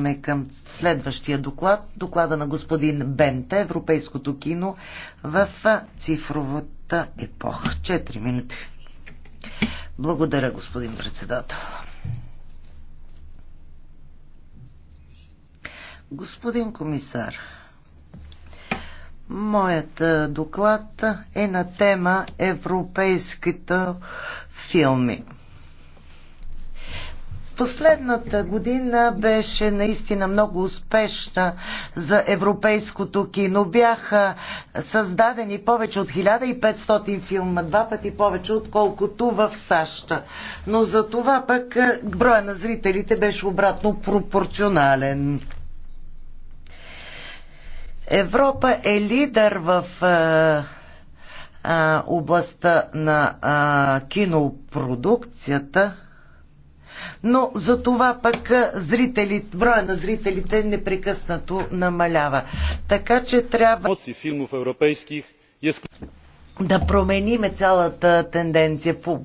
преминаваме към следващия доклад. Доклада на господин Бенте, Европейското кино в цифровата епоха. Четири минути. Благодаря, господин председател. Господин комисар, моят доклад е на тема европейските филми. Последната година беше наистина много успешна за европейското кино. Бяха създадени повече от 1500 филма, два пъти повече отколкото в САЩ. Но за това пък е, броя на зрителите беше обратно пропорционален. Европа е лидер в е, е, областта на а, кинопродукцията но за това пък зрители, броя на зрителите непрекъснато намалява. Така че трябва филмов европейских да промениме цялата тенденция по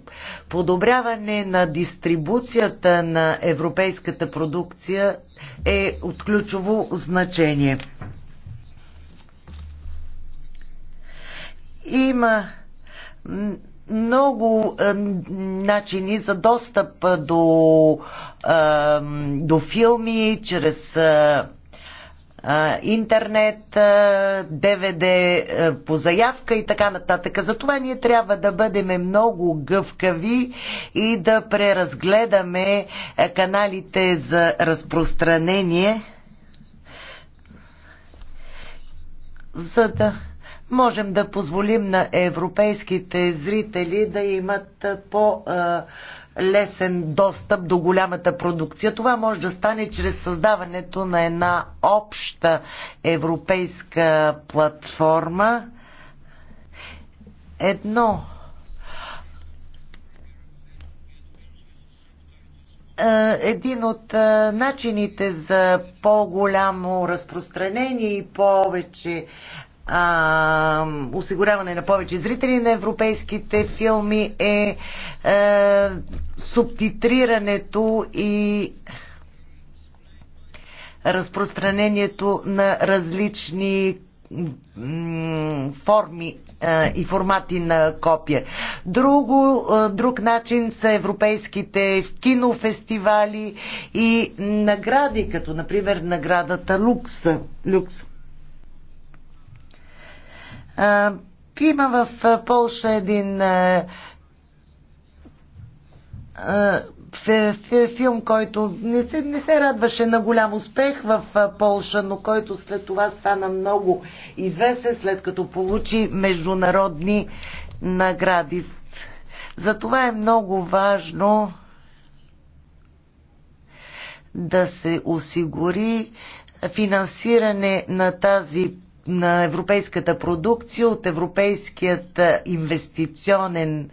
подобряване на дистрибуцията на европейската продукция е от ключово значение. Има много е, начини за достъп е, до, е, до филми, чрез е, е интернет, е, ДВД по заявка и така нататък. Затова ние трябва да бъдем много гъвкави и да преразгледаме каналите за разпространение, за да можем да позволим на европейските зрители да имат по- лесен достъп до голямата продукция. Това може да стане чрез създаването на една обща европейска платформа. Едно един от начините за по-голямо разпространение и повече а, осигуряване на повече зрители на европейските филми е, а, е, субтитрирането и разпространението на различни форми и формати на копия. Друго, друг начин са европейските кинофестивали и награди, като например наградата Люкс. Люкс. Има в Полша един филм, който не се, не се радваше на голям успех в Полша, но който след това стана много известен, след като получи международни награди. Затова е много важно да се осигури финансиране на тази на европейската продукция от Европейският инвестиционен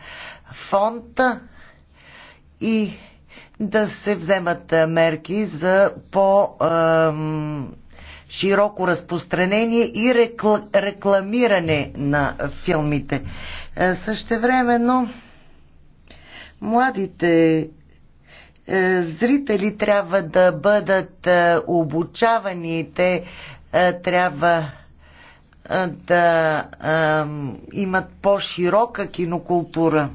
фонд и да се вземат мерки за по широко разпространение и рекламиране на филмите. Същевременно младите зрители трябва да бъдат обучавани, те трябва да а, имат по-широка кинокултура.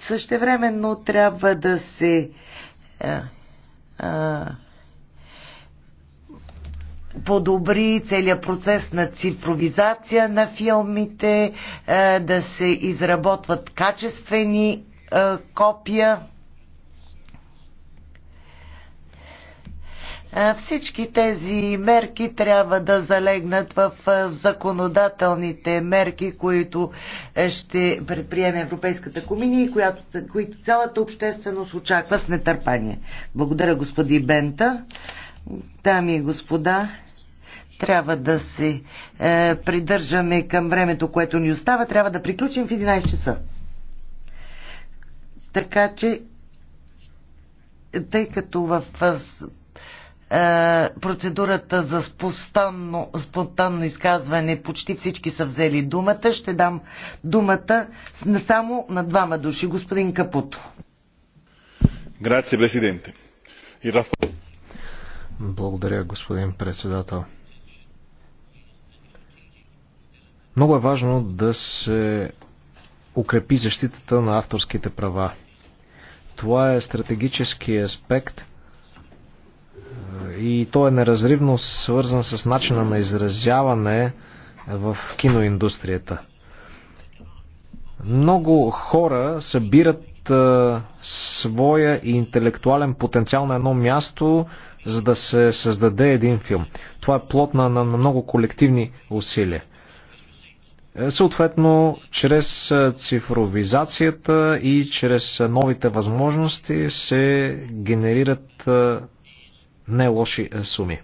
Същевременно трябва да се а, а, подобри целият процес на цифровизация на филмите, а, да се изработват качествени а, копия. Всички тези мерки трябва да залегнат в законодателните мерки, които е, ще предприеме Европейската комисия и която, които цялата общественост очаква с нетърпание. Благодаря, господи Бента. Дами и господа, трябва да се е, придържаме към времето, което ни остава. Трябва да приключим в 11 часа. Така че, тъй като в е, процедурата за спонтанно, спонтанно изказване почти всички са взели думата. Ще дам думата само на двама души. Господин Капуто. Грация, президенте. Благодаря, господин председател. Много е важно да се укрепи защитата на авторските права. Това е стратегически аспект – и то е неразривно свързан с начина на изразяване в киноиндустрията. Много хора събират а, своя интелектуален потенциал на едно място, за да се създаде един филм. Това е плод на, на много колективни усилия. Е, съответно, чрез цифровизацията и чрез новите възможности се генерират не лоши суми.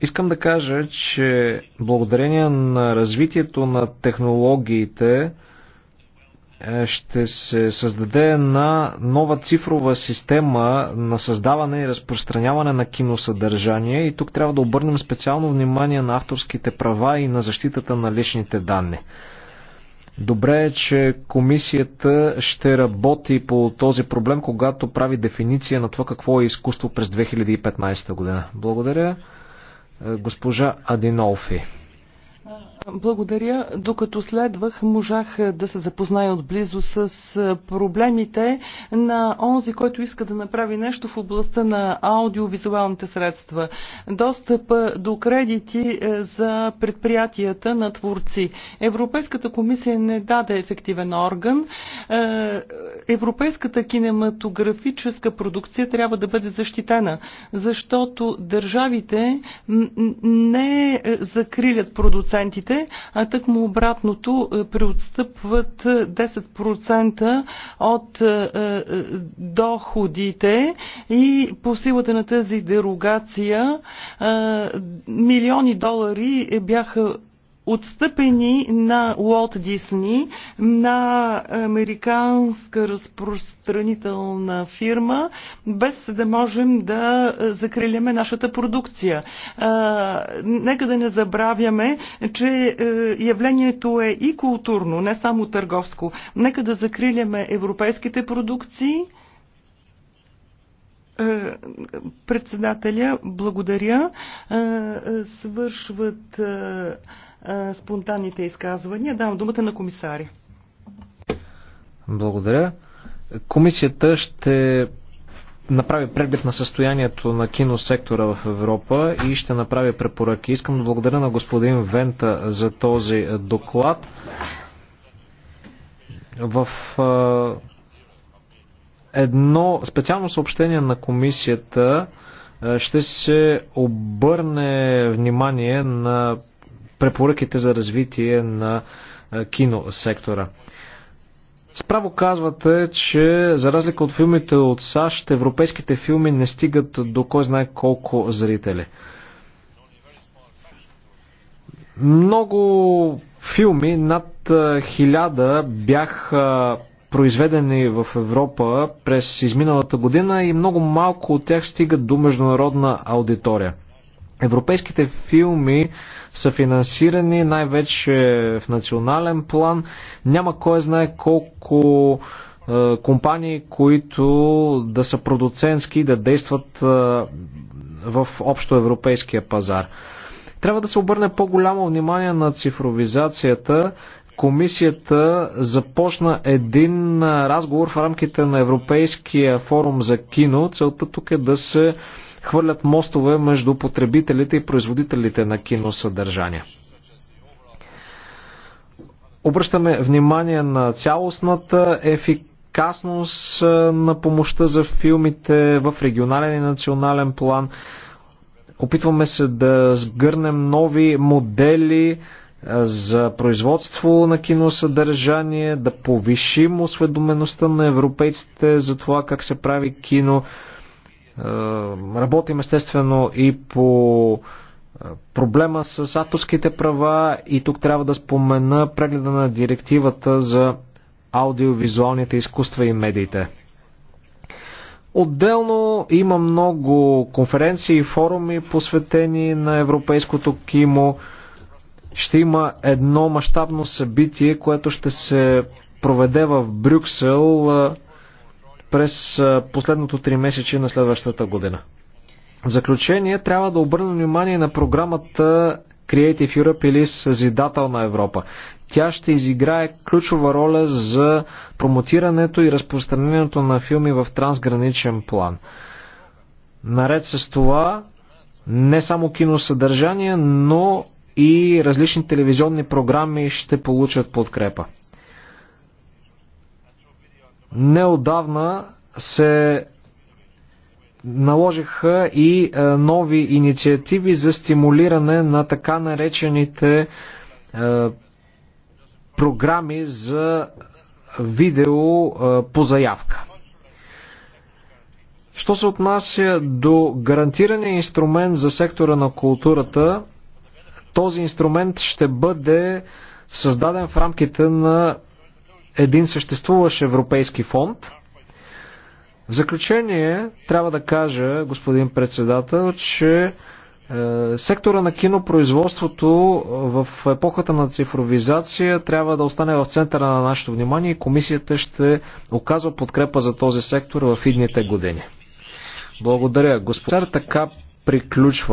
Искам да кажа, че благодарение на развитието на технологиите е, ще се създаде една нова цифрова система на създаване и разпространяване на киносъдържание и тук трябва да обърнем специално внимание на авторските права и на защитата на личните данни. Добре е, че комисията ще работи по този проблем, когато прави дефиниция на това какво е изкуство през 2015 година. Благодаря, е, госпожа Адинолфи. Благодаря. Докато следвах, можах да се запозная отблизо с проблемите на онзи, който иска да направи нещо в областта на аудиовизуалните средства. Достъп до кредити за предприятията на творци. Европейската комисия не даде ефективен орган. Европейската кинематографическа продукция трябва да бъде защитена, защото държавите не закрилят продуцентите фирмите, а тък му обратното е, преотстъпват 10% е, от е, доходите и по силата на тази дерогация милиони долари бяха отстъпени на Уолт Дисни, на американска разпространителна фирма, без да можем да закриляме нашата продукция. Нека да не забравяме, че е, явлението е и културно, не само търговско. Нека да закриляме европейските продукции. Е, председателя, благодаря. Е, свършват спонтанните изказвания. Давам думата на комисаря. Благодаря. Комисията ще направи преглед на състоянието на киносектора в Европа и ще направи препоръки. Искам да благодаря на господин Вента за този доклад. В едно специално съобщение на комисията ще се обърне внимание на препоръките за развитие на киносектора. Справо казвате, че за разлика от филмите от САЩ, европейските филми не стигат до кой знае колко зрители. Много филми, над хиляда, бяха произведени в Европа през изминалата година и много малко от тях стигат до международна аудитория. Европейските филми са финансирани най-вече в национален план. Няма кой знае колко е, компании, които да са продуцентски и да действат е, в общо европейския пазар. Трябва да се обърне по-голямо внимание на цифровизацията. Комисията започна един разговор в рамките на Европейския форум за кино. Целта тук е да се хвърлят мостове между потребителите и производителите на киносъдържания. Обръщаме внимание на цялостната ефикасност на помощта за филмите в регионален и национален план. Опитваме се да сгърнем нови модели за производство на киносъдържание, да повишим осведомеността на европейците за това как се прави кино. Е, работим естествено и по е, проблема с авторските права и тук трябва да спомена прегледа на директивата за аудиовизуалните изкуства и медиите. Отделно има много конференции и форуми посветени на европейското КИМО, Ще има едно мащабно събитие, което ще се проведе в Брюксел е, през последното три месече на следващата година. В заключение трябва да обърнем внимание на програмата Creative Europe или Съзидател на Европа. Тя ще изиграе ключова роля за промотирането и разпространението на филми в трансграничен план. Наред с това, не само киносъдържание, но и различни телевизионни програми ще получат подкрепа. Неодавна се наложиха и е, нови инициативи за стимулиране на така наречените е, програми за видео е, по заявка. Що се отнася до гарантирания инструмент за сектора на културата, този инструмент ще бъде създаден в рамките на един съществуващ европейски фонд. В заключение трябва да кажа, господин председател, че е, Сектора на кинопроизводството в епохата на цифровизация трябва да остане в центъра на нашето внимание и комисията ще оказва подкрепа за този сектор в идните години. Благодаря, господин. Така приключва.